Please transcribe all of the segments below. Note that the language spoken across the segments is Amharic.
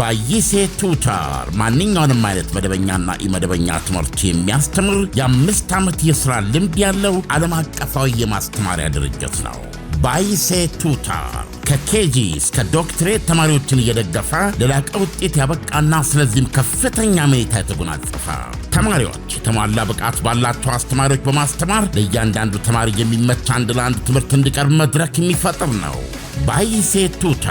ባይሴ ቱተር ማንኛውንም አይነት መደበኛና ኢመደበኛ ትምህርት የሚያስተምር የአምስት ዓመት የሥራ ልምድ ያለው ዓለም አቀፋዊ የማስተማሪያ ድርጅት ነው። ባይሴ ቱታር ከኬጂ እስከ ዶክትሬት ተማሪዎችን እየደገፈ ለላቀ ውጤት ያበቃና ስለዚህም ከፍተኛ መኔታ የተጎናጸፋ ተማሪዎች የተሟላ ብቃት ባላቸው አስተማሪዎች በማስተማር ለእያንዳንዱ ተማሪ የሚመች አንድ ለአንድ ትምህርት እንዲቀርብ መድረክ የሚፈጥር ነው። ባይሴ ቱታ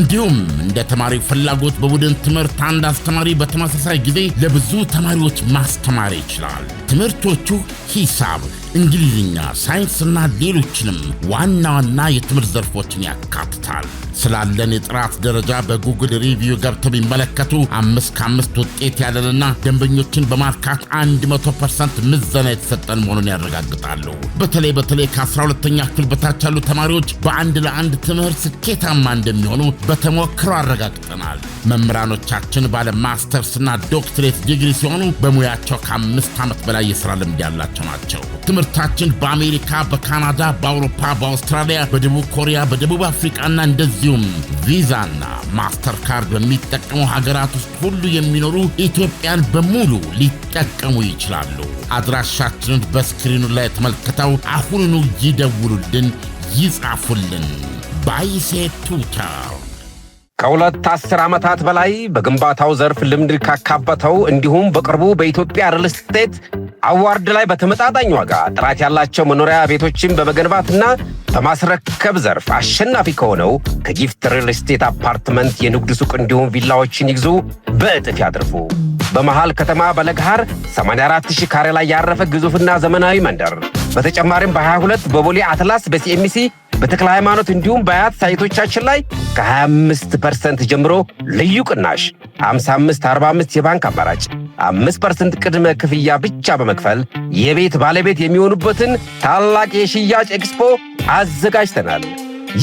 እንዲሁም እንደ ተማሪ ፍላጎት በቡድን ትምህርት አንድ አስተማሪ በተመሳሳይ ጊዜ ለብዙ ተማሪዎች ማስተማር ይችላል። ትምህርቶቹ ሂሳብ እንግሊዝኛ፣ ሳይንስና ሌሎችንም ዋና ዋና የትምህርት ዘርፎችን ያካትታል። ስላለን የጥራት ደረጃ በጉግል ሪቪው ገብተው ቢመለከቱ አምስት ከአምስት ውጤት ያለንና ደንበኞችን በማርካት 100 ፐርሰንት ምዘና የተሰጠን መሆኑን ያረጋግጣሉ። በተለይ በተለይ ከ12ተኛ ክፍል በታች ያሉ ተማሪዎች በአንድ ለአንድ ትምህርት ስኬታማ እንደሚሆኑ በተሞክሮ አረጋግጠናል። መምህራኖቻችን ባለ ማስተርስና ዶክትሬት ዲግሪ ሲሆኑ በሙያቸው ከአምስት ዓመት በላይ የሥራ ልምድ ያላቸው ናቸው። ምርታችን በአሜሪካ፣ በካናዳ፣ በአውሮፓ፣ በአውስትራሊያ፣ በደቡብ ኮሪያ፣ በደቡብ አፍሪቃና እንደዚሁም ቪዛና ማስተርካርድ በሚጠቀሙ ሀገራት ውስጥ ሁሉ የሚኖሩ ኢትዮጵያን በሙሉ ሊጠቀሙ ይችላሉ። አድራሻችንን በስክሪኑ ላይ ተመልክተው አሁኑኑ ይደውሉልን፣ ይጻፉልን። ባይሴ ቱተር ከሁለት አስር ዓመታት በላይ በግንባታው ዘርፍ ልምድ ካካበተው እንዲሁም በቅርቡ በኢትዮጵያ ሪል ስቴት አዋርድ ላይ በተመጣጣኝ ዋጋ ጥራት ያላቸው መኖሪያ ቤቶችን በመገንባትና በማስረከብ ዘርፍ አሸናፊ ከሆነው ከጊፍት ሪል ስቴት አፓርትመንት የንግድ ሱቅ እንዲሁም ቪላዎችን ይግዙ፣ በእጥፍ ያድርፉ። በመሃል ከተማ በለግሃር 84000 ካሬ ላይ ያረፈ ግዙፍና ዘመናዊ መንደር። በተጨማሪም በ22 በቦሌ አትላስ፣ በሲኤምሲ፣ በተክለ ሃይማኖት እንዲሁም በአያት ሳይቶቻችን ላይ ከ25 ፐርሰንት ጀምሮ ልዩ ቅናሽ 5545 የባንክ አማራጭ አምስት ፐርሰንት ቅድመ ክፍያ ብቻ በመክፈል የቤት ባለቤት የሚሆኑበትን ታላቅ የሽያጭ ኤክስፖ አዘጋጅተናል።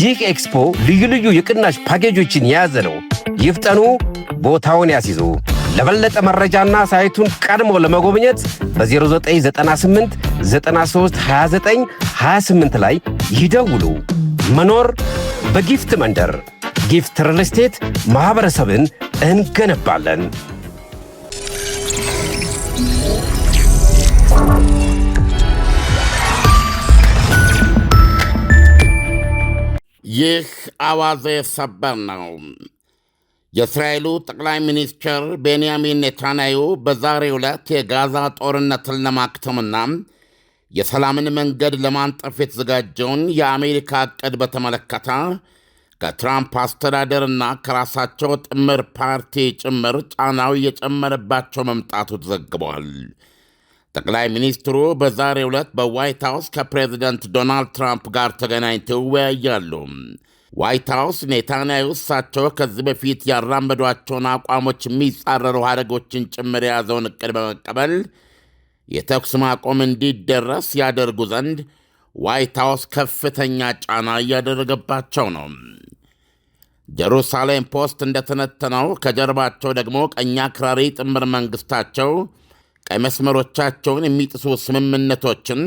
ይህ ኤክስፖ ልዩ ልዩ የቅናሽ ፓኬጆችን የያዘ ነው። ይፍጠኑ፣ ቦታውን ያስይዙ። ለበለጠ መረጃና ሳይቱን ቀድሞ ለመጎብኘት በ0998 93 29 28 ላይ ይደውሉ። መኖር በጊፍት መንደር ጊፍት ሪል ስቴት ማኅበረሰብን እንገነባለን። ይህ አዋዜ ሰበር ነው። የእስራኤሉ ጠቅላይ ሚኒስትር ቤንያሚን ኔታንያሁ በዛሬ ዕለት የጋዛ ጦርነትን ለማክተምና የሰላምን መንገድ ለማንጠፍ የተዘጋጀውን የአሜሪካ ዕቅድ በተመለከተ ከትራምፕ አስተዳደርና ከራሳቸው ጥምር ፓርቲ ጭምር ጫናው እየጨመረባቸው መምጣቱ ተዘግቧል። ጠቅላይ ሚኒስትሩ በዛሬ ዕለት በዋይት ሃውስ ከፕሬዚደንት ዶናልድ ትራምፕ ጋር ተገናኝተው ይወያያሉ። ዋይት ሃውስ ኔታንያሁ እሳቸው ከዚህ በፊት ያራመዷቸውን አቋሞች የሚጻረሩ ሀደጎችን ጭምር የያዘውን እቅድ በመቀበል የተኩስ ማቆም እንዲደረስ ያደርጉ ዘንድ ዋይት ሃውስ ከፍተኛ ጫና እያደረገባቸው ነው። ጀሩሳሌም ፖስት እንደተነተነው ከጀርባቸው ደግሞ ቀኝ አክራሪ ጥምር መንግሥታቸው ቀይ መስመሮቻቸውን የሚጥሱ ስምምነቶችን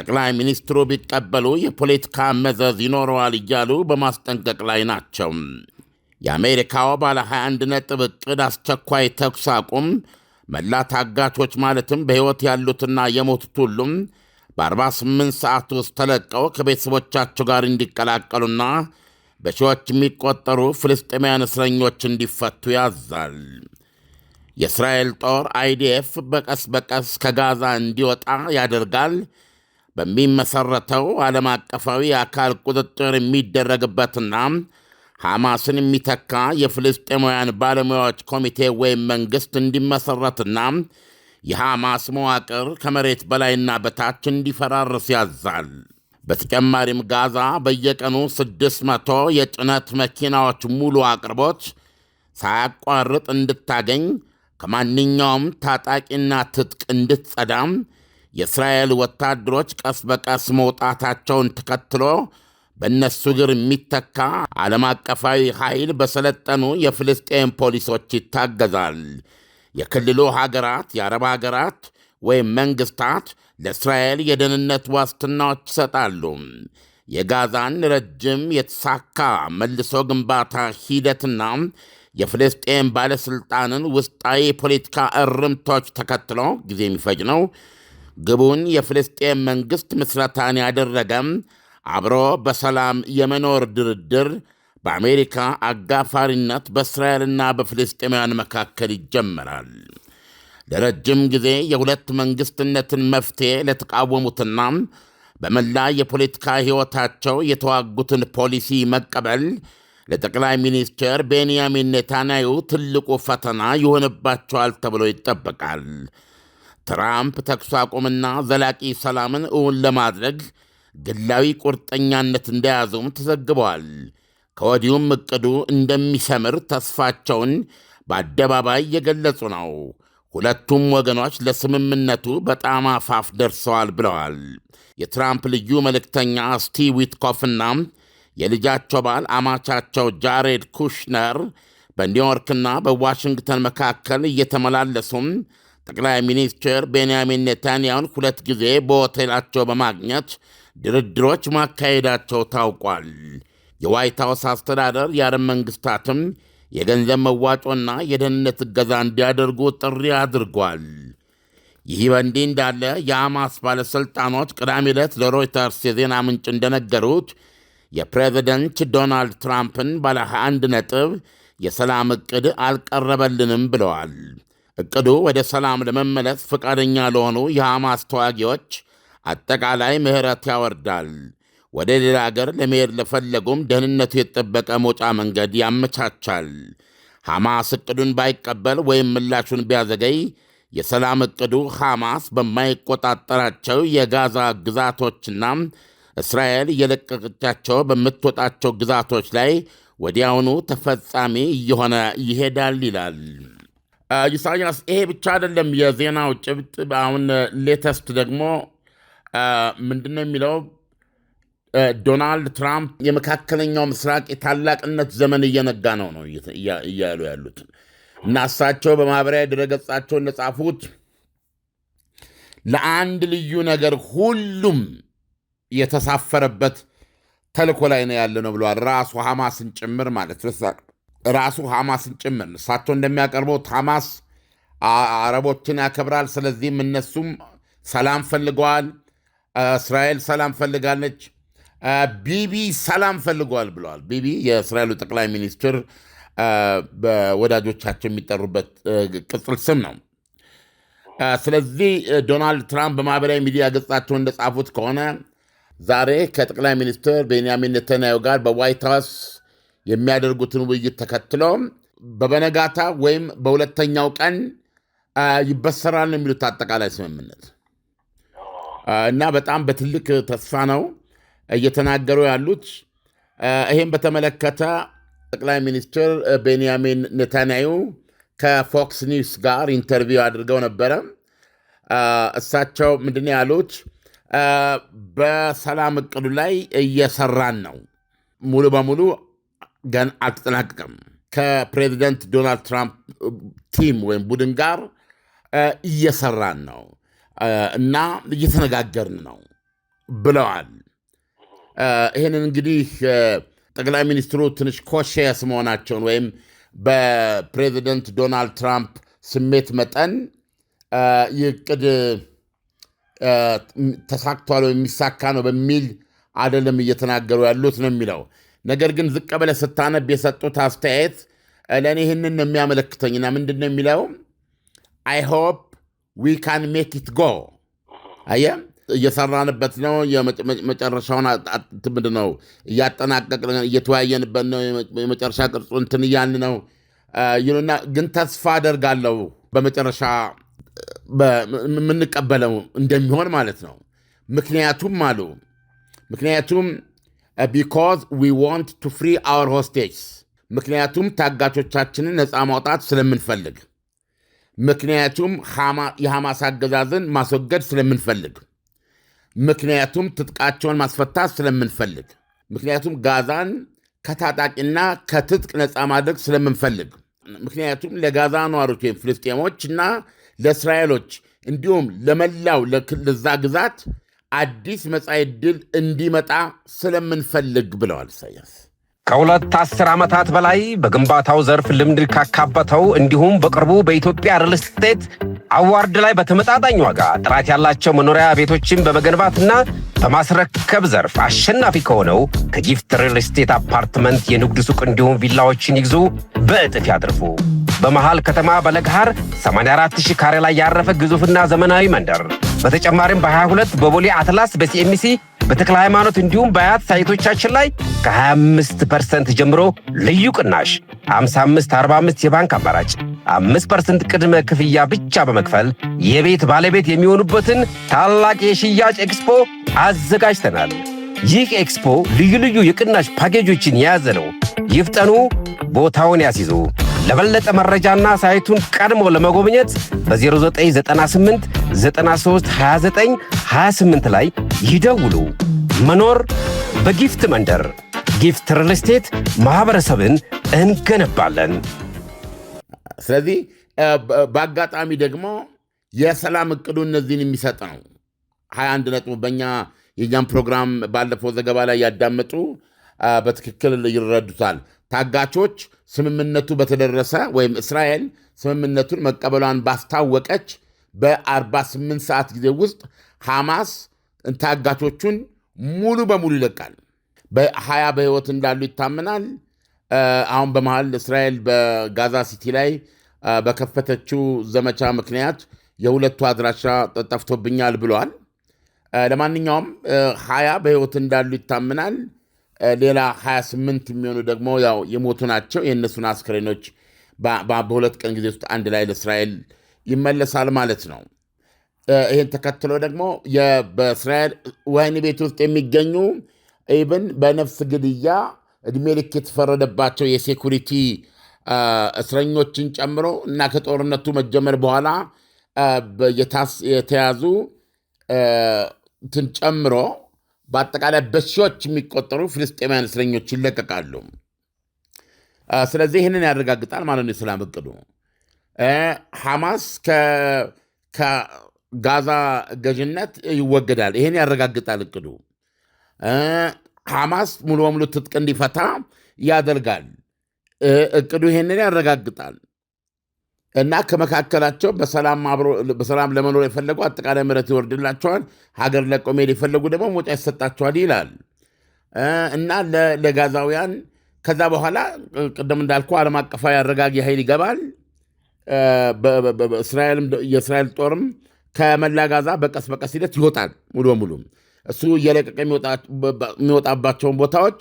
ጠቅላይ ሚኒስትሩ ቢቀበሉ የፖለቲካ መዘዝ ይኖረዋል እያሉ በማስጠንቀቅ ላይ ናቸው። የአሜሪካው ባለ 21 ነጥብ ዕቅድ አስቸኳይ ተኩስ አቁም መላ ታጋቾች ማለትም በሕይወት ያሉትና የሞቱት ሁሉም በ48 ሰዓት ውስጥ ተለቀው ከቤተሰቦቻቸው ጋር እንዲቀላቀሉና በሺዎች የሚቆጠሩ ፍልስጤማውያን እስረኞች እንዲፈቱ ያዛል። የእስራኤል ጦር አይዲኤፍ በቀስ በቀስ ከጋዛ እንዲወጣ ያደርጋል። በሚመሠረተው ዓለም አቀፋዊ የአካል ቁጥጥር የሚደረግበትና ሐማስን የሚተካ የፍልስጤማውያን ባለሙያዎች ኮሚቴ ወይም መንግሥት እንዲመሠረትና የሐማስ መዋቅር ከመሬት በላይና በታች እንዲፈራርስ ያዛል። በተጨማሪም ጋዛ በየቀኑ 600 የጭነት መኪናዎች ሙሉ አቅርቦት ሳያቋርጥ እንድታገኝ ከማንኛውም ታጣቂና ትጥቅ እንድትጸዳም የእስራኤል ወታደሮች ቀስ በቀስ መውጣታቸውን ተከትሎ በእነሱ እግር የሚተካ ዓለም አቀፋዊ ኃይል በሰለጠኑ የፍልስጤን ፖሊሶች ይታገዛል። የክልሉ ሀገራት፣ የአረብ ሀገራት ወይም መንግሥታት ለእስራኤል የደህንነት ዋስትናዎች ይሰጣሉ። የጋዛን ረጅም የተሳካ መልሶ ግንባታ ሂደትና የፍልስጤም ባለሥልጣንን ውስጣዊ ፖለቲካ እርምቶች ተከትሎ ጊዜ የሚፈጅ ነው። ግቡን የፍልስጤም መንግሥት ምስረታን ያደረገ አብሮ በሰላም የመኖር ድርድር በአሜሪካ አጋፋሪነት በእስራኤልና በፍልስጤማውያን መካከል ይጀመራል። ለረጅም ጊዜ የሁለት መንግሥትነትን መፍትሔ ለተቃወሙትና በመላ የፖለቲካ ሕይወታቸው የተዋጉትን ፖሊሲ መቀበል ለጠቅላይ ሚኒስትር ቤንያሚን ኔታንያሁ ትልቁ ፈተና ይሆንባቸዋል ተብሎ ይጠበቃል። ትራምፕ ተኩስ አቁምና ዘላቂ ሰላምን እውን ለማድረግ ግላዊ ቁርጠኛነት እንደያዙም ተዘግበዋል። ከወዲሁም እቅዱ እንደሚሰምር ተስፋቸውን በአደባባይ የገለጹ ነው። ሁለቱም ወገኖች ለስምምነቱ በጣም አፋፍ ደርሰዋል ብለዋል። የትራምፕ ልዩ መልእክተኛ ስቲቭ ዊትኮፍና የልጃቸው ባል አማቻቸው ጃሬድ ኩሽነር በኒውዮርክና በዋሽንግተን መካከል እየተመላለሱም ጠቅላይ ሚኒስትር ቤንያሚን ኔታንያሁን ሁለት ጊዜ በሆቴላቸው በማግኘት ድርድሮች ማካሄዳቸው ታውቋል። የዋይት ሐውስ አስተዳደር የአረብ መንግሥታትም የገንዘብ መዋጮና የደህንነት እገዛ እንዲያደርጉ ጥሪ አድርጓል። ይህ በእንዲህ እንዳለ የሐማስ ባለሥልጣኖች ቅዳሜ ዕለት ለሮይተርስ የዜና ምንጭ እንደነገሩት የፕሬዝደንት ዶናልድ ትራምፕን ባለ 21 ነጥብ የሰላም ዕቅድ አልቀረበልንም ብለዋል። ዕቅዱ ወደ ሰላም ለመመለስ ፈቃደኛ ለሆኑ የሐማስ ተዋጊዎች አጠቃላይ ምሕረት ያወርዳል። ወደ ሌላ አገር ለመሄድ ለፈለጉም ደህንነቱ የተጠበቀ መውጫ መንገድ ያመቻቻል። ሐማስ ዕቅዱን ባይቀበል ወይም ምላሹን ቢያዘገይ የሰላም ዕቅዱ ሐማስ በማይቆጣጠራቸው የጋዛ ግዛቶችና እስራኤል እየለቀቀቻቸው በምትወጣቸው ግዛቶች ላይ ወዲያውኑ ተፈጻሚ እየሆነ ይሄዳል ይላል ኢሳያስ። ይሄ ብቻ አይደለም የዜናው ጭብጥ። አሁን ሌተስት ደግሞ ምንድነው የሚለው ዶናልድ ትራምፕ የመካከለኛው ምስራቅ የታላቅነት ዘመን እየነጋ ነው ነው እያሉ ያሉት እና እሳቸው በማህበራዊ ድረገጻቸው እንደጻፉት ለአንድ ልዩ ነገር ሁሉም የተሳፈረበት ተልኮ ላይ ነው ያለ ነው ብለዋል። ራሱ ሐማስን ጭምር ማለት ራሱ ሐማስን ጭምር እሳቸው እንደሚያቀርበው ሐማስ አረቦችን ያከብራል። ስለዚህም እነሱም ሰላም ፈልገዋል። እስራኤል ሰላም ፈልጋለች። ቢቢ ሰላም ፈልገዋል ብለዋል። ቢቢ የእስራኤሉ ጠቅላይ ሚኒስትር በወዳጆቻቸው የሚጠሩበት ቅጽል ስም ነው። ስለዚህ ዶናልድ ትራምፕ በማህበራዊ ሚዲያ ገጻቸው እንደጻፉት ከሆነ ዛሬ ከጠቅላይ ሚኒስትር ቤንያሚን ኔታንያሁ ጋር በዋይት ሃውስ የሚያደርጉትን ውይይት ተከትሎ በበነጋታ ወይም በሁለተኛው ቀን ይበሰራል ነው የሚሉት አጠቃላይ ስምምነት እና በጣም በትልቅ ተስፋ ነው እየተናገሩ ያሉት። ይህም በተመለከተ ጠቅላይ ሚኒስትር ቤንያሚን ኔታንያሁ ከፎክስ ኒውስ ጋር ኢንተርቪው አድርገው ነበረ። እሳቸው ምንድነው ያሉት? በሰላም እቅዱ ላይ እየሰራን ነው፣ ሙሉ በሙሉ ገን አልተጠናቀቀም። ከፕሬዚደንት ዶናልድ ትራምፕ ቲም ወይም ቡድን ጋር እየሰራን ነው እና እየተነጋገርን ነው ብለዋል። ይህንን እንግዲህ ጠቅላይ ሚኒስትሩ ትንሽ ኮሽየስ መሆናቸውን ወይም በፕሬዚደንት ዶናልድ ትራምፕ ስሜት መጠን ይቅድ ተሳክቷል ወይም የሚሳካ ነው በሚል አይደለም እየተናገሩ ያሉት ነው የሚለው ነገር ግን ዝቅ በለ ስታነብ የሰጡት አስተያየት ለእኔ ይህንን ነው የሚያመለክተኝና ምንድን ነው የሚለው አይ ሆፕ ዊ ካን ሜክ ኢት ጎ አየም እየሰራንበት ነው። መጨረሻውን ምንድን ነው እያጠናቀቅ እየተወያየንበት ነው። የመጨረሻ ቅርጹ እንትን እያን ነው ይሉና ግን ተስፋ አደርጋለሁ በመጨረሻ የምንቀበለው እንደሚሆን ማለት ነው። ምክንያቱም አሉ ምክንያቱም ቢኮዝ ዊ ዋንት ቱ ፍሪ አወር ሆስቴጅስ ምክንያቱም ታጋቾቻችንን ነፃ ማውጣት ስለምንፈልግ ምክንያቱም የሐማስ አገዛዝን ማስወገድ ስለምንፈልግ ምክንያቱም ትጥቃቸውን ማስፈታት ስለምንፈልግ፣ ምክንያቱም ጋዛን ከታጣቂና ከትጥቅ ነፃ ማድረግ ስለምንፈልግ፣ ምክንያቱም ለጋዛ ነዋሪዎች ወይም ፍልስጤሞች እና ለእስራኤሎች እንዲሁም ለመላው ለዛ ግዛት አዲስ መጻኢ ዕድል እንዲመጣ ስለምንፈልግ ብለዋል ኢሳያስ። ከሁለት አስር ዓመታት በላይ በግንባታው ዘርፍ ልምድ ካካበተው እንዲሁም በቅርቡ በኢትዮጵያ ሪል ስቴት አዋርድ ላይ በተመጣጣኝ ዋጋ ጥራት ያላቸው መኖሪያ ቤቶችን በመገንባትና በማስረከብ ዘርፍ አሸናፊ ከሆነው ከጊፍት ሪል ስቴት አፓርትመንት የንግድ ሱቅ እንዲሁም ቪላዎችን ይግዙ፣ በእጥፍ ያድርፉ። በመሃል ከተማ በለግሃር 84000 ካሬ ላይ ያረፈ ግዙፍና ዘመናዊ መንደር። በተጨማሪም በ22 በቦሌ አትላስ፣ በሲኤምሲ፣ በተክለ ሃይማኖት እንዲሁም በአያት ሳይቶቻችን ላይ ከ25 ፐርሰንት ጀምሮ ልዩ ቅናሽ 5545 የባንክ አማራጭ አምስት ፐርሰንት ቅድመ ክፍያ ብቻ በመክፈል የቤት ባለቤት የሚሆኑበትን ታላቅ የሽያጭ ኤክስፖ አዘጋጅተናል። ይህ ኤክስፖ ልዩ ልዩ የቅናሽ ፓኬጆችን የያዘ ነው። ይፍጠኑ፣ ቦታውን ያስይዙ። ለበለጠ መረጃና ሳይቱን ቀድሞ ለመጎብኘት በ0998 93 29 28 ላይ ይደውሉ። መኖር በጊፍት መንደር ጊፍት ሪል ስቴት ማኅበረሰብን እንገነባለን። ስለዚህ በአጋጣሚ ደግሞ የሰላም እቅዱ እነዚህን የሚሰጥ ነው። ሀያ አንድ ነጥቡ በእኛ የእኛም ፕሮግራም ባለፈው ዘገባ ላይ ያዳመጡ በትክክል ይረዱታል። ታጋቾች ስምምነቱ በተደረሰ ወይም እስራኤል ስምምነቱን መቀበሏን ባስታወቀች በ48 ሰዓት ጊዜ ውስጥ ሐማስ ታጋቾቹን ሙሉ በሙሉ ይለቃል። በሀያ በሕይወት እንዳሉ ይታመናል። አሁን በመሀል እስራኤል በጋዛ ሲቲ ላይ በከፈተችው ዘመቻ ምክንያት የሁለቱ አድራሻ ጠፍቶብኛል ብለዋል። ለማንኛውም ሀያ በህይወት እንዳሉ ይታምናል። ሌላ 28 የሚሆኑ ደግሞ ያው የሞቱ ናቸው። የእነሱን አስክሬኖች በሁለት ቀን ጊዜ ውስጥ አንድ ላይ ለእስራኤል ይመለሳል ማለት ነው። ይህን ተከትሎ ደግሞ በእስራኤል ወህኒ ቤት ውስጥ የሚገኙ ኢብን በነፍስ ግድያ እድሜ ልክ የተፈረደባቸው የሴኩሪቲ እስረኞችን ጨምሮ እና ከጦርነቱ መጀመር በኋላ የተያዙ ጨምሮ በአጠቃላይ በሺዎች የሚቆጠሩ ፍልስጤማውያን እስረኞች ይለቀቃሉ። ስለዚህ ይህንን ያረጋግጣል ማለት ነው የሰላም እቅዱ። ሐማስ ከጋዛ ገዥነት ይወገዳል። ይህን ያረጋግጣል እቅዱ። ሐማስ ሙሉ በሙሉ ትጥቅ እንዲፈታ ያደርጋል። እቅዱ ይሄንን ያረጋግጣል እና ከመካከላቸው በሰላም ለመኖር የፈለጉ አጠቃላይ ምሕረት ይወርድላቸዋል፣ ሀገር ለቀው መሄድ የፈለጉ ደግሞ መውጫ ይሰጣቸዋል ይላል እና ለጋዛውያን ከዛ በኋላ ቅድም እንዳልኩ ዓለም አቀፋዊ አረጋጊ ኃይል ይገባል። የእስራኤል ጦርም ከመላ ጋዛ በቀስ በቀስ ሂደት ይወጣል ሙሉ በሙሉም እሱ እየለቀቀ የሚወጣባቸውን ቦታዎች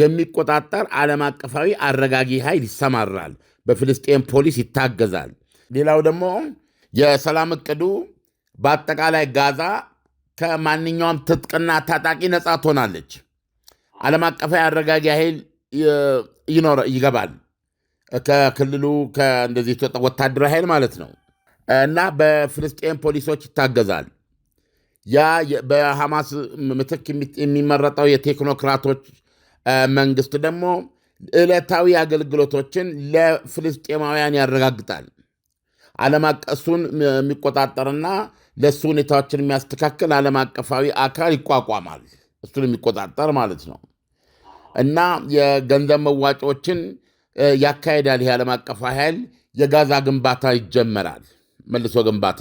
የሚቆጣጠር ዓለም አቀፋዊ አረጋጊ ኃይል ይሰማራል። በፍልስጤን ፖሊስ ይታገዛል። ሌላው ደግሞ የሰላም እቅዱ በአጠቃላይ ጋዛ ከማንኛውም ትጥቅና ታጣቂ ነፃ ትሆናለች። ዓለም አቀፋዊ አረጋጊ ኃይል ይገባል። ከክልሉ ከእንደዚህ ወታደራዊ ኃይል ማለት ነው እና በፍልስጤን ፖሊሶች ይታገዛል። ያ በሐማስ ምትክ የሚመረጠው የቴክኖክራቶች መንግስት ደግሞ ዕለታዊ አገልግሎቶችን ለፍልስጤማውያን ያረጋግጣል። ዓለም እሱን የሚቆጣጠርና ለእሱ ሁኔታዎችን የሚያስተካክል ዓለም አቀፋዊ አካል ይቋቋማል። እሱን የሚቆጣጠር ማለት ነው እና የገንዘብ መዋጮዎችን ያካሄዳል። ይህ ዓለም አቀፍ ኃይል የጋዛ ግንባታ ይጀመራል፣ መልሶ ግንባታ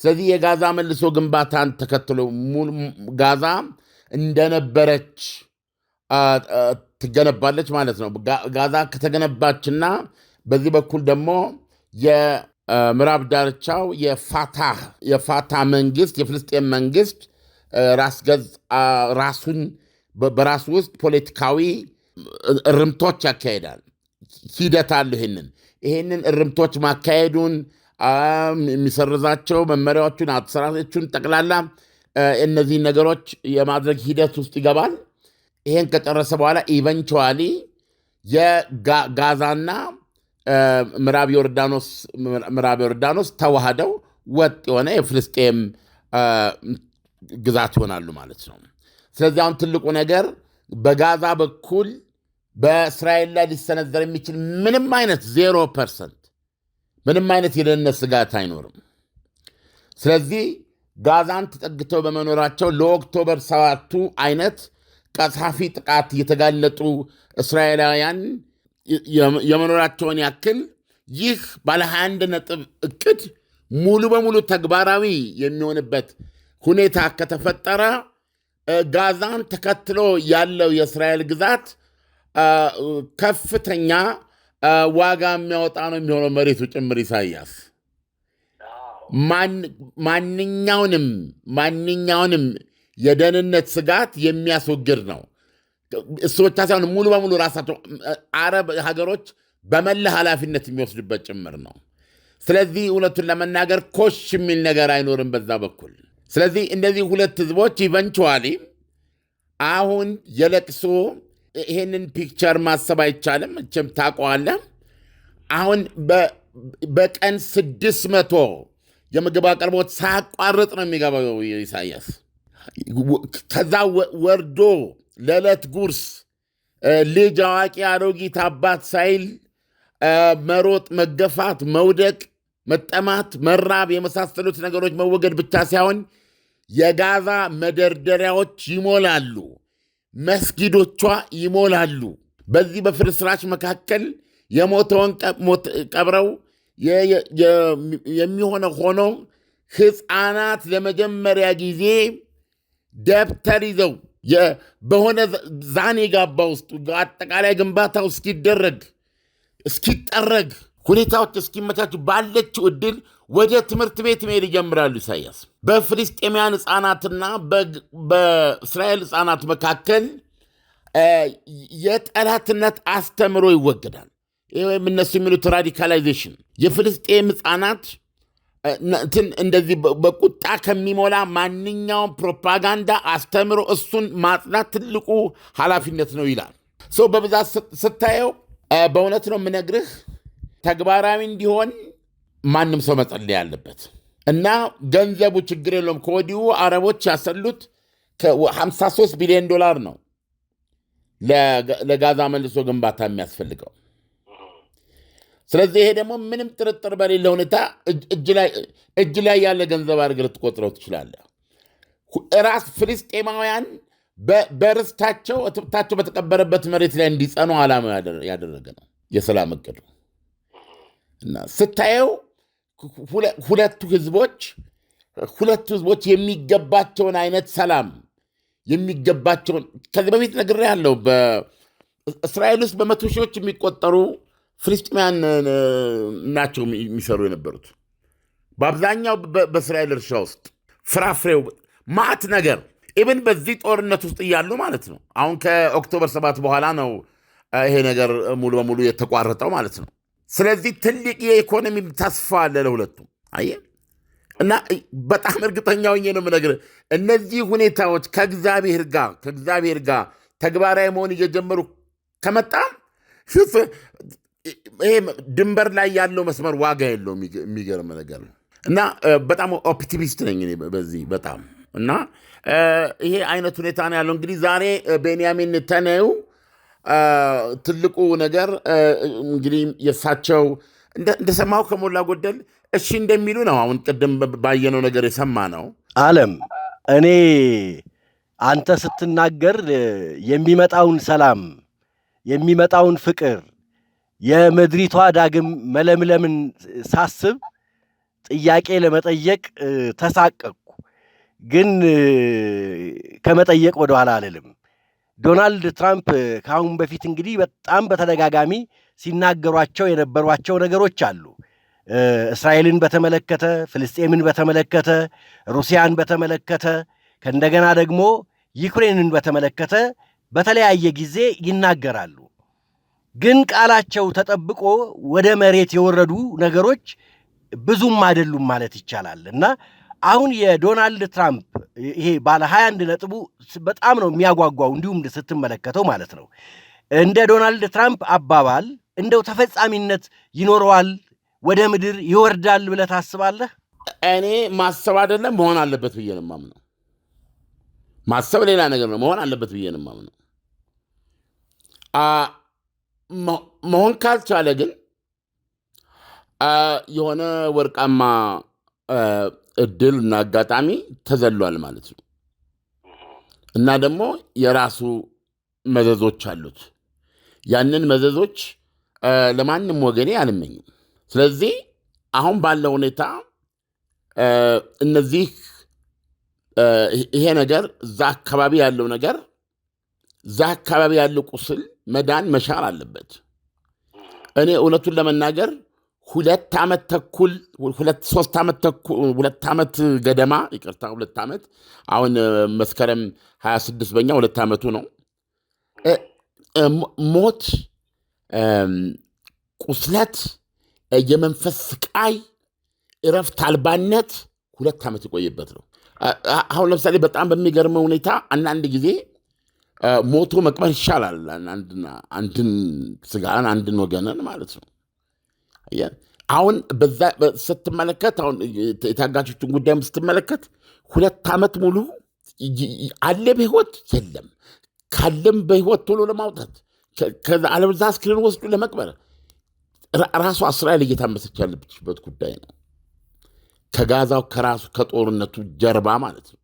ስለዚህ የጋዛ መልሶ ግንባታን ተከትሎ ጋዛ እንደነበረች ትገነባለች ማለት ነው። ጋዛ ከተገነባችና በዚህ በኩል ደግሞ የምዕራብ ዳርቻው የፋታህ የፋታ መንግስት የፍልስጤን መንግስት ራስ ገዝ ራሱን በራሱ ውስጥ ፖለቲካዊ እርምቶች ያካሄዳል ሂደት አሉ። ይህንን ይህንን እርምቶች ማካሄዱን የሚሰርዛቸው መመሪያዎቹን፣ አሰራሮቹን ጠቅላላ እነዚህን ነገሮች የማድረግ ሂደት ውስጥ ይገባል። ይሄን ከጨረሰ በኋላ ኢቨንቹዋሊ የጋዛና ምዕራብ ዮርዳኖስ ምዕራብ ዮርዳኖስ ተዋህደው ወጥ የሆነ የፍልስጤም ግዛት ይሆናሉ ማለት ነው። ስለዚህ አሁን ትልቁ ነገር በጋዛ በኩል በእስራኤል ላይ ሊሰነዘር የሚችል ምንም አይነት ዜሮ ፐርሰንት ምንም አይነት የደህንነት ስጋት አይኖርም። ስለዚህ ጋዛን ተጠግተው በመኖራቸው ለኦክቶበር ሰባቱ አይነት ቀሳፊ ጥቃት የተጋለጡ እስራኤላውያን የመኖራቸውን ያክል ይህ ባለ 21 ነጥብ እቅድ ሙሉ በሙሉ ተግባራዊ የሚሆንበት ሁኔታ ከተፈጠረ ጋዛን ተከትሎ ያለው የእስራኤል ግዛት ከፍተኛ ዋጋ የሚያወጣ ነው የሚሆነው መሬቱ ጭምር። ኢሳያስ ማንኛውንም ማንኛውንም የደህንነት ስጋት የሚያስወግድ ነው። እሱ ብቻ ሳይሆን ሙሉ በሙሉ ራሳቸው አረብ ሀገሮች በመላ ኃላፊነት የሚወስዱበት ጭምር ነው። ስለዚህ እውነቱን ለመናገር ኮሽ የሚል ነገር አይኖርም በዛ በኩል። ስለዚህ እንደዚህ ሁለት ህዝቦች ኢቨንቹዋሊ አሁን የለቅሶ ይሄንን ፒክቸር ማሰብ አይቻልም። እችም ታውቀዋለህ። አሁን በቀን ስድስት መቶ የምግብ አቅርቦት ሳያቋርጥ ነው የሚገባው ኢሳያስ። ከዛ ወርዶ ለዕለት ጉርስ ልጅ፣ አዋቂ፣ አሮጊት፣ አባት ሳይል መሮጥ፣ መገፋት፣ መውደቅ፣ መጠማት፣ መራብ የመሳሰሉት ነገሮች መወገድ ብቻ ሳይሆን የጋዛ መደርደሪያዎች ይሞላሉ። መስጊዶቿ ይሞላሉ። በዚህ በፍርስራሽ መካከል የሞተውን ቀብረው የሚሆነ ሆኖ ሕፃናት ለመጀመሪያ ጊዜ ደብተር ይዘው በሆነ ዛኔ ጋባ ውስጥ አጠቃላይ ግንባታው እስኪደረግ እስኪጠረግ ሁኔታዎች እስኪመቻቹ ባለችው እድል ወደ ትምህርት ቤት መሄድ ይጀምራሉ። ኢሳያስ በፍልስጤማውያን ሕፃናትና በእስራኤል ሕፃናት መካከል የጠላትነት አስተምሮ ይወገዳል። ይህ ወይም እነሱ የሚሉት ራዲካላይዜሽን የፍልስጤም ሕፃናት እንትን እንደዚህ በቁጣ ከሚሞላ ማንኛውም ፕሮፓጋንዳ አስተምሮ እሱን ማጽናት ትልቁ ኃላፊነት ነው ይላል። ሰው በብዛት ስታየው በእውነት ነው የምነግርህ ተግባራዊ እንዲሆን ማንም ሰው መጸለይ አለበት። እና ገንዘቡ ችግር የለውም። ከወዲሁ አረቦች ያሰሉት 53 ቢሊዮን ዶላር ነው ለጋዛ መልሶ ግንባታ የሚያስፈልገው። ስለዚህ ይሄ ደግሞ ምንም ጥርጥር በሌለ ሁኔታ እጅ ላይ ያለ ገንዘብ አድርገህ ልትቆጥረው ትችላለህ። ራስ ፍልስጤማውያን በርስታቸው እትብታቸው በተቀበረበት መሬት ላይ እንዲጸኑ ዓላማ ያደረገ ነው የሰላም እቅዱ እና ስታየው ሁለቱ ህዝቦች ሁለቱ ህዝቦች የሚገባቸውን አይነት ሰላም የሚገባቸውን ከዚህ በፊት ያለው በእስራኤል ውስጥ በመቶ ሺዎች የሚቆጠሩ ፍልስጤማውያን ናቸው የሚሰሩ የነበሩት በአብዛኛው በእስራኤል እርሻ ውስጥ ፍራፍሬው ማት ነገር ኢብን በዚህ ጦርነት ውስጥ እያሉ ማለት ነው። አሁን ከኦክቶበር ሰባት በኋላ ነው ይሄ ነገር ሙሉ በሙሉ የተቋረጠው ማለት ነው። ስለዚህ ትልቅ የኢኮኖሚ ተስፋ አለ ለሁለቱም። አየ እና በጣም እርግጠኛ ሆኜ ነው የምነግርህ እነዚህ ሁኔታዎች ከእግዚአብሔር ጋር ከእግዚአብሔር ጋር ተግባራዊ መሆን እየጀመሩ ከመጣም ይሄ ድንበር ላይ ያለው መስመር ዋጋ የለውም። የሚገርም ነገር ነው እና በጣም ኦፕቲሚስት ነኝ በዚህ በጣም እና ይሄ አይነት ሁኔታ ነው ያለው። እንግዲህ ዛሬ ቤንያሚን ተነዩ ትልቁ ነገር እንግዲህ የእሳቸው እንደሰማው ከሞላ ጎደል እሺ እንደሚሉ ነው። አሁን ቅድም ባየነው ነገር የሰማ ነው አለም እኔ አንተ ስትናገር የሚመጣውን ሰላም የሚመጣውን ፍቅር የምድሪቷ ዳግም መለምለምን ሳስብ ጥያቄ ለመጠየቅ ተሳቀቅኩ፣ ግን ከመጠየቅ ወደኋላ አልልም። ዶናልድ ትራምፕ ከአሁን በፊት እንግዲህ በጣም በተደጋጋሚ ሲናገሯቸው የነበሯቸው ነገሮች አሉ። እስራኤልን በተመለከተ፣ ፍልስጤምን በተመለከተ፣ ሩሲያን በተመለከተ ከእንደገና ደግሞ ዩክሬንን በተመለከተ በተለያየ ጊዜ ይናገራሉ። ግን ቃላቸው ተጠብቆ ወደ መሬት የወረዱ ነገሮች ብዙም አይደሉም ማለት ይቻላል እና አሁን የዶናልድ ትራምፕ ይሄ ባለ 21 ነጥቡ በጣም ነው የሚያጓጓው፣ እንዲሁም ስትመለከተው ማለት ነው። እንደ ዶናልድ ትራምፕ አባባል እንደው ተፈጻሚነት ይኖረዋል፣ ወደ ምድር ይወርዳል ብለህ ታስባለህ? እኔ ማሰብ አይደለም መሆን አለበት ብዬ ነው የማምነው። ማሰብ ሌላ ነገር ነው፣ መሆን አለበት ብዬ ነው የማምነው። መሆን ካልቻለ ግን የሆነ ወርቃማ እና አጋጣሚ ተዘሏል ማለት ነው እና ደግሞ የራሱ መዘዞች አሉት። ያንን መዘዞች ለማንም ወገኔ አልመኝም። ስለዚህ አሁን ባለው ሁኔታ እነዚህ ይሄ ነገር እዛ አካባቢ ያለው ነገር እዛ አካባቢ ያለው ቁስል መዳን መሻር አለበት። እኔ እውነቱን ለመናገር ሁለት ዓመት ተኩል ሁለት ሶስት ዓመት ተኩል ሁለት ዓመት ገደማ ይቅርታ፣ ሁለት ዓመት አሁን መስከረም 26 በኛ ሁለት ዓመቱ ነው። ሞት፣ ቁስለት፣ የመንፈስ ስቃይ፣ እረፍት አልባነት ሁለት ዓመት ይቆይበት ነው። አሁን ለምሳሌ በጣም በሚገርመ ሁኔታ አንዳንድ ጊዜ ሞቶ መቅበር ይሻላል አንድን ስጋን አንድን ወገንን ማለት ነው አሁን በዛ ስትመለከት አሁን የታጋቾችን ጉዳይም ስትመለከት ሁለት ዓመት ሙሉ አለ በህይወት የለም ካለም በህይወት ቶሎ ለማውጣት አለበዛ አስክሬን ወስዱ ለመቅበር ራሷ እስራኤል እየታመሰች ያለችበት ጉዳይ ነው። ከጋዛው ከራሱ ከጦርነቱ ጀርባ ማለት ነው።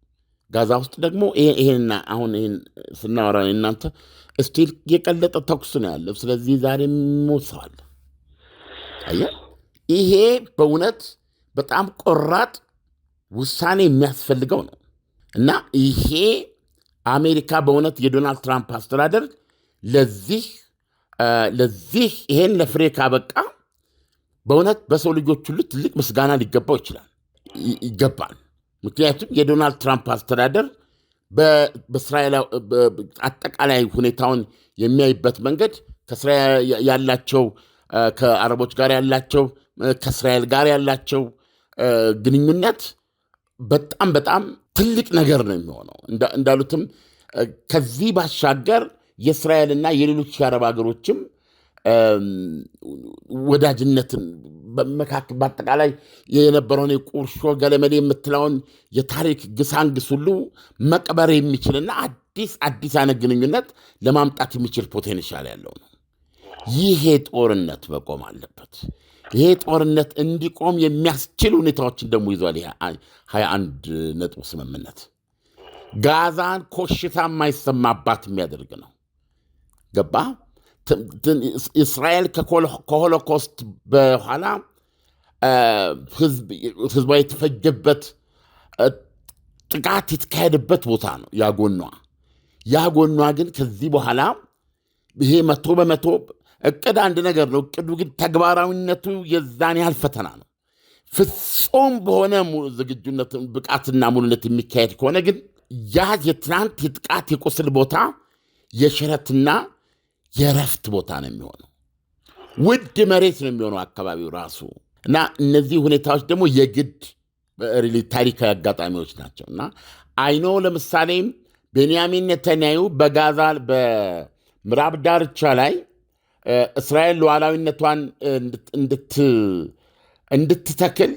ጋዛ ውስጥ ደግሞ ይሄና አሁን ይሄን ስናወራ እናንተ ስቲል የቀለጠ ተኩስ ነው ያለው። ስለዚህ ዛሬ ሞት ሰው አለ። አየህ፣ ይሄ በእውነት በጣም ቆራጥ ውሳኔ የሚያስፈልገው ነው እና ይሄ አሜሪካ በእውነት የዶናልድ ትራምፕ አስተዳደር ለዚህ ለዚህ ይሄን ለፍሬ ካበቃ በእውነት በሰው ልጆች ሁሉ ትልቅ ምስጋና ሊገባው ይችላል ይገባል። ምክንያቱም የዶናልድ ትራምፕ አስተዳደር በእስራኤል አጠቃላይ ሁኔታውን የሚያይበት መንገድ ከእስራኤል ያላቸው ከአረቦች ጋር ያላቸው ከእስራኤል ጋር ያላቸው ግንኙነት በጣም በጣም ትልቅ ነገር ነው የሚሆነው። እንዳሉትም ከዚህ ባሻገር የእስራኤልና የሌሎች የአረብ ሀገሮችም ወዳጅነትን በመካከል በአጠቃላይ የነበረውን የቁርሾ ገለመሌ የምትለውን የታሪክ ግሳንግስ ሁሉ መቅበር የሚችልና አዲስ አዲስ አይነት ግንኙነት ለማምጣት የሚችል ፖቴንሻል ያለው ነው። ይሄ ጦርነት መቆም አለበት። ይሄ ጦርነት እንዲቆም የሚያስችል ሁኔታዎችን ደግሞ ይዟል። ሀያ አንድ ነጥብ ስምምነት ጋዛን ኮሽታ የማይሰማባት የሚያደርግ ነው። ገባ እስራኤል ከሆሎኮስት በኋላ ህዝቧ የተፈጀበት ጥቃት የተካሄደበት ቦታ ነው ያጎኗ ያጎኗ ግን ከዚህ በኋላ ይሄ መቶ በመቶ እቅድ አንድ ነገር ነው። እቅዱ ግን ተግባራዊነቱ የዛን ያህል ፈተና ነው። ፍጹም በሆነ ዝግጁነት፣ ብቃትና ሙሉነት የሚካሄድ ከሆነ ግን ያ የትናንት የጥቃት የቁስል ቦታ የሽረትና የረፍት ቦታ ነው የሚሆነው። ውድ መሬት ነው የሚሆነው አካባቢው ራሱ እና እነዚህ ሁኔታዎች ደግሞ የግድ ታሪካዊ አጋጣሚዎች ናቸው እና አይኖ ለምሳሌም ቤንያሚን ኔታንያሁ በጋዛ በምዕራብ ዳርቻ ላይ እስራኤል ሉዓላዊነቷን እንድትተክል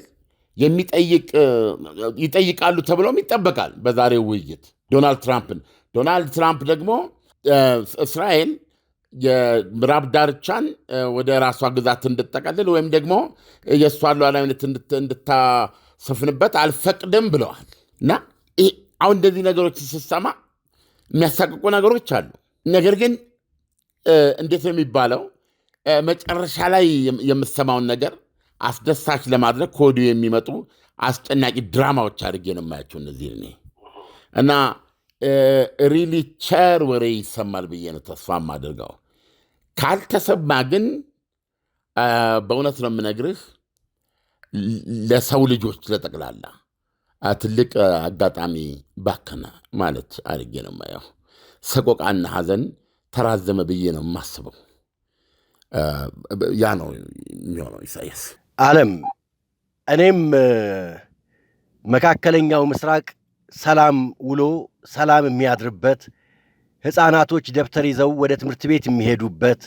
ይጠይቃሉ ተብሎም ይጠበቃል በዛሬው ውይይት ዶናልድ ትራምፕን። ዶናልድ ትራምፕ ደግሞ እስራኤል የምዕራብ ዳርቻን ወደ ራሷ ግዛት እንድጠቀልል ወይም ደግሞ የእሷን ሉዓላዊነት እንድታሰፍንበት አልፈቅድም ብለዋል እና አሁን እንደዚህ ነገሮች ስሰማ የሚያሳቅቁ ነገሮች አሉ ነገር ግን እንዴት ነው የሚባለው? መጨረሻ ላይ የምትሰማውን ነገር አስደሳች ለማድረግ ከወዲሁ የሚመጡ አስጨናቂ ድራማዎች አድርጌ ነው የማያቸው እነዚህ እኔ እና ሪሊ ቸር ወሬ ይሰማል ብዬ ነው ተስፋ የማደርገው። ካልተሰማ ግን በእውነት ነው የምነግርህ ለሰው ልጆች ለጠቅላላ ትልቅ አጋጣሚ ባከነ ማለት አድርጌ ነው የማየው። ሰቆቃና ሐዘን ተራዘመ ብዬ ነው የማስበው። ያ ነው የሚሆነው። ኢሳያስ አለም፣ እኔም መካከለኛው ምስራቅ ሰላም ውሎ ሰላም የሚያድርበት ሕፃናቶች ደብተር ይዘው ወደ ትምህርት ቤት የሚሄዱበት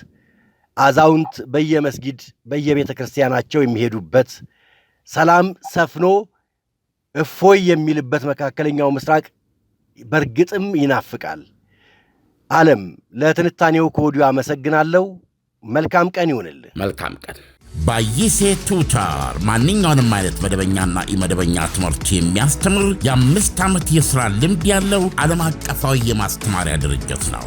አዛውንት በየመስጊድ በየቤተ ክርስቲያናቸው የሚሄዱበት ሰላም ሰፍኖ እፎይ የሚልበት መካከለኛው ምስራቅ በእርግጥም ይናፍቃል። አለም ለትንታኔው ከወዲሁ አመሰግናለሁ። መልካም ቀን ይሁንልህ። መልካም ቀን። ባይሴ ቱታር ማንኛውንም አይነት መደበኛና ኢመደበኛ ትምህርት የሚያስተምር የአምስት ዓመት የሥራ ልምድ ያለው ዓለም አቀፋዊ የማስተማሪያ ድርጅት ነው።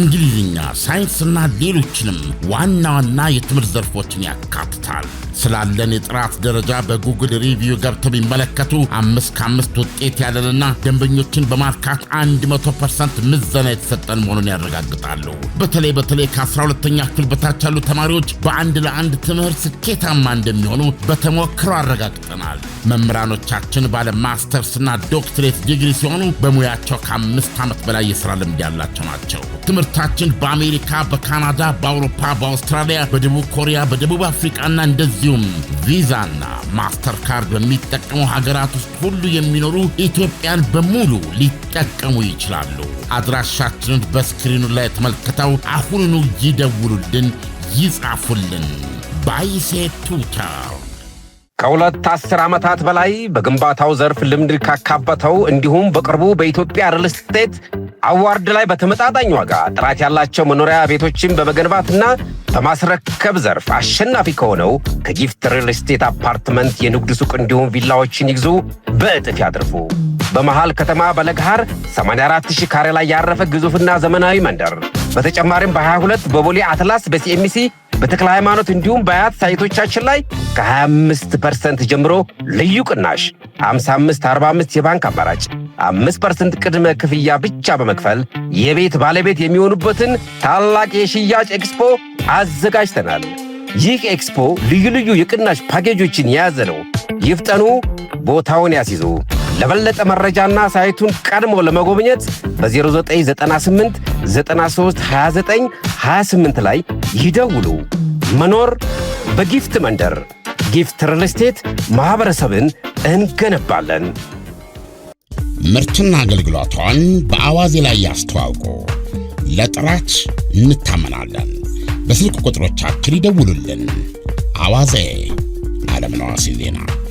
እንግሊዝኛ፣ ሳይንስና ሌሎችንም ዋና ዋና የትምህርት ዘርፎችን ያካትታል። ስላለን የጥራት ደረጃ በጉግል ሪቪው ገብተው ቢመለከቱ አምስት ከአምስት ውጤት ያለንና ደንበኞችን በማርካት 100 ፐርሰንት ምዘና የተሰጠን መሆኑን ያረጋግጣሉ። በተለይ በተለይ ከ12ተኛ ክፍል በታች ያሉ ተማሪዎች በአንድ ለአንድ ትምህርት ስኬታማ እንደሚሆኑ በተሞክሮ አረጋግጠናል። መምህራኖቻችን ባለ ማስተርስና ዶክትሬት ዲግሪ ሲሆኑ በሙያቸው ከአምስት ዓመት በላይ የሥራ ልምድ ያላቸው ናቸው። ምርታችን በአሜሪካ፣ በካናዳ፣ በአውሮፓ፣ በአውስትራሊያ፣ በደቡብ ኮሪያ፣ በደቡብ ና እንደዚሁም ቪዛና ማስተርካርድ በሚጠቀሙ ሀገራት ውስጥ ሁሉ የሚኖሩ ኢትዮጵያን በሙሉ ሊጠቀሙ ይችላሉ። አድራሻችንን በስክሪኑ ላይ ተመልክተው አሁኑኑ ይደውሉልን፣ ይጻፉልን። ባይሴ ቱተር ከሁለት አስር ዓመታት በላይ በግንባታው ዘርፍ ልምድ ካካበተው እንዲሁም በቅርቡ በኢትዮጵያ ሪል ስቴት አዋርድ ላይ በተመጣጣኝ ዋጋ ጥራት ያላቸው መኖሪያ ቤቶችን በመገንባትና በማስረከብ ዘርፍ አሸናፊ ከሆነው ከጊፍት ሪል ስቴት አፓርትመንት የንግድ ሱቅ እንዲሁም ቪላዎችን ይግዙ፣ በእጥፍ ያድርፉ። በመሃል ከተማ በለግሃር 84000 ካሬ ላይ ያረፈ ግዙፍና ዘመናዊ መንደር። በተጨማሪም በ22 በቦሌ አትላስ፣ በሲኤምሲ፣ በተክለ ሃይማኖት እንዲሁም በአያት ሳይቶቻችን ላይ ከ25 ፐርሰንት ጀምሮ ልዩ ቅናሽ 5545 የባንክ አማራጭ 5 ፐርሰንት ቅድመ ክፍያ ብቻ በመክፈል የቤት ባለቤት የሚሆኑበትን ታላቅ የሽያጭ ኤክስፖ አዘጋጅተናል። ይህ ኤክስፖ ልዩ ልዩ የቅናሽ ፓኬጆችን የያዘ ነው። ይፍጠኑ፣ ቦታውን ያስይዙ። ለበለጠ መረጃና ሳይቱን ቀድሞ ለመጎብኘት በ0998 93 29 28 ላይ ይደውሉ። መኖር በጊፍት መንደር ጊፍት ሪል ስቴት ማህበረሰብን እንገነባለን። ምርትና አገልግሎቷን በአዋዜ ላይ ያስተዋውቁ። ለጥራች እንታመናለን። በስልክ ቁጥሮቻችን ይደውሉልን። አዋዜ አለምነህ ዋሴ ዜና